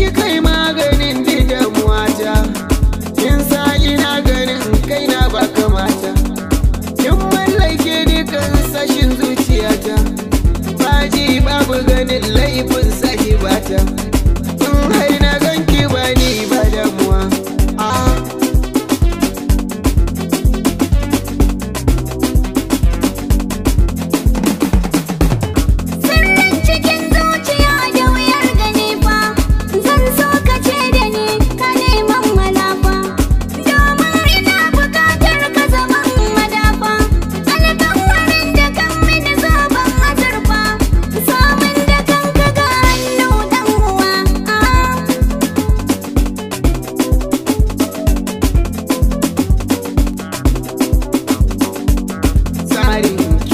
you could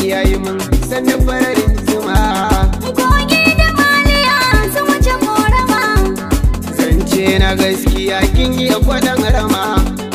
yayi mun sannan fararin zuma goge da maliya sun wuce korama zance na gaskiya kin yi kwaɗan rama